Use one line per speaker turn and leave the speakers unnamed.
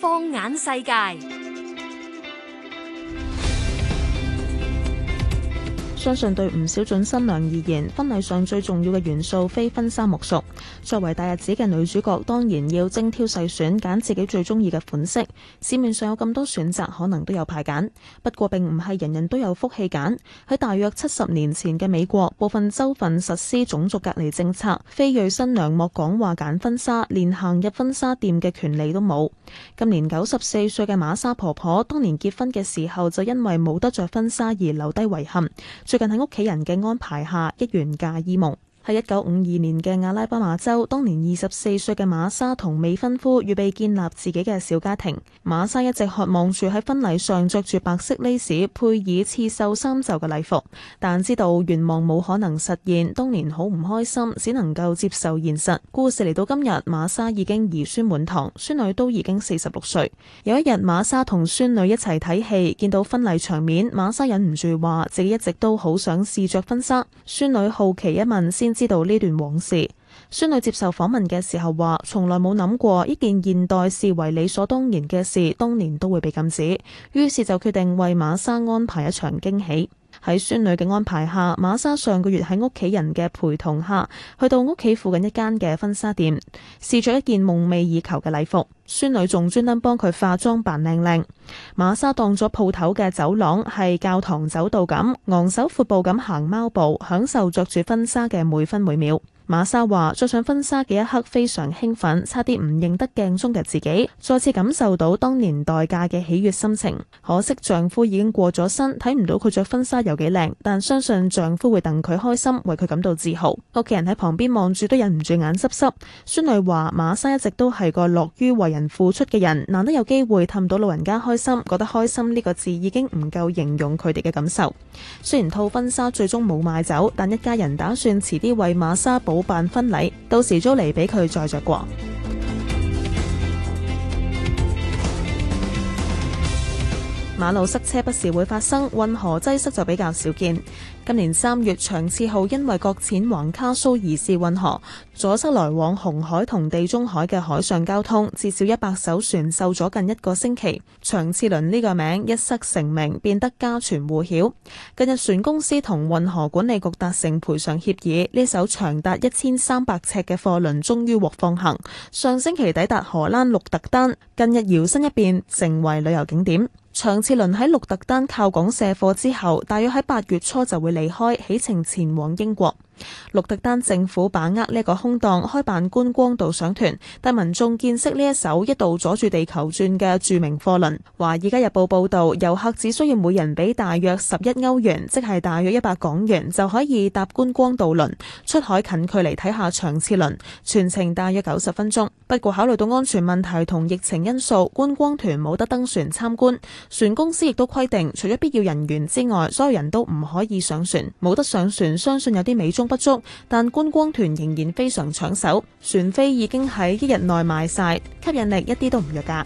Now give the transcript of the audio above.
放眼世界。相信對唔少準新娘而言，婚禮上最重要嘅元素非婚紗莫屬。作為大日子嘅女主角，當然要精挑細選，揀自己最中意嘅款式。市面上有咁多選擇，可能都有排揀。不過並唔係人人都有福氣揀。喺大約七十年前嘅美國，部分州份實施種族隔離政策，非裔新娘莫講話揀婚紗，連行入婚紗店嘅權利都冇。今年九十四歲嘅瑪莎婆婆，當年結婚嘅時候就因為冇得着婚紗而留低遺憾。最近喺屋企人嘅安排下，一圓嫁衣夢。喺一九五二年嘅阿拉巴馬州，當年二十四歲嘅瑪莎同未婚夫預備建立自己嘅小家庭。瑪莎一直渴望住喺婚禮上着住白色 lace 配以刺繡三袖嘅禮服，但知道願望冇可能實現，當年好唔開心，只能夠接受現實。故事嚟到今日，瑪莎已經兒孫滿堂，孫女都已經四十六歲。有一日，瑪莎同孫女一齊睇戲，見到婚禮場面，瑪莎忍唔住話自己一直都好想試着婚紗。孫女好奇一問，先知道呢段往事，孫女接受訪問嘅時候話：從來冇諗過呢件現代視為理所當然嘅事，當年都會被禁止。於是就決定為瑪莎安排一場驚喜。喺孫女嘅安排下，瑪莎上個月喺屋企人嘅陪同下，去到屋企附近一間嘅婚紗店，試著一件夢寐以求嘅禮服。孫女仲專登幫佢化妝扮靚靚。瑪莎當咗鋪頭嘅走廊係教堂走道咁，昂首闊步咁行貓步，享受着住婚紗嘅每分每秒。瑪莎話着上婚紗嘅一刻非常興奮，差啲唔認得鏡中嘅自己，再次感受到當年待嫁嘅喜悅心情。可惜丈夫已經過咗身，睇唔到佢着婚紗有幾靚，但相信丈夫會等佢開心，為佢感到自豪。屋企人喺旁邊望住都忍唔住眼濕濕。孫女話瑪莎一直都係個樂於為人付出嘅人，難得有機會氹到老人家開心，覺得開心呢個字已經唔夠形容佢哋嘅感受。雖然套婚紗最終冇買走，但一家人打算遲啲為瑪莎補辦婚禮，到時租嚟俾佢再着過。馬路塞車不時會發生，運河擠塞就比較少見。今年三月，長賜號因為擱淺橫卡蘇彝士運河，阻塞來往紅海同地中海嘅海上交通，至少一百艘船受阻近一個星期。長賜輪呢個名一失成名，變得家傳戶曉。近日船公司同運河管理局達成賠償協議，呢艘長達一千三百尺嘅貨輪終於獲放行。上星期抵達荷蘭鹿特丹，近日搖身一變成為旅遊景點。長賜輪喺鹿特丹靠港卸貨之後，大約喺八月初就會離離開，起程前往英國。鹿特丹政府把握呢個空檔，開辦觀光導賞團，帶民眾見識呢一艘一度阻住地球轉嘅著名貨輪。《華爾街日報》報道，遊客只需要每人俾大約十一歐元，即係大約一百港元，就可以搭觀光渡輪出海近距離睇下長賜輪，全程大約九十分鐘。不過考慮到安全問題同疫情因素，觀光團冇得登船參觀，船公司亦都規定，除咗必要人員之外，所有人都唔可以上船。冇得上船，相信有啲美中。不足，但觀光團仍然非常搶手，船飛已經喺一日內賣晒，吸引力一啲都唔弱㗎。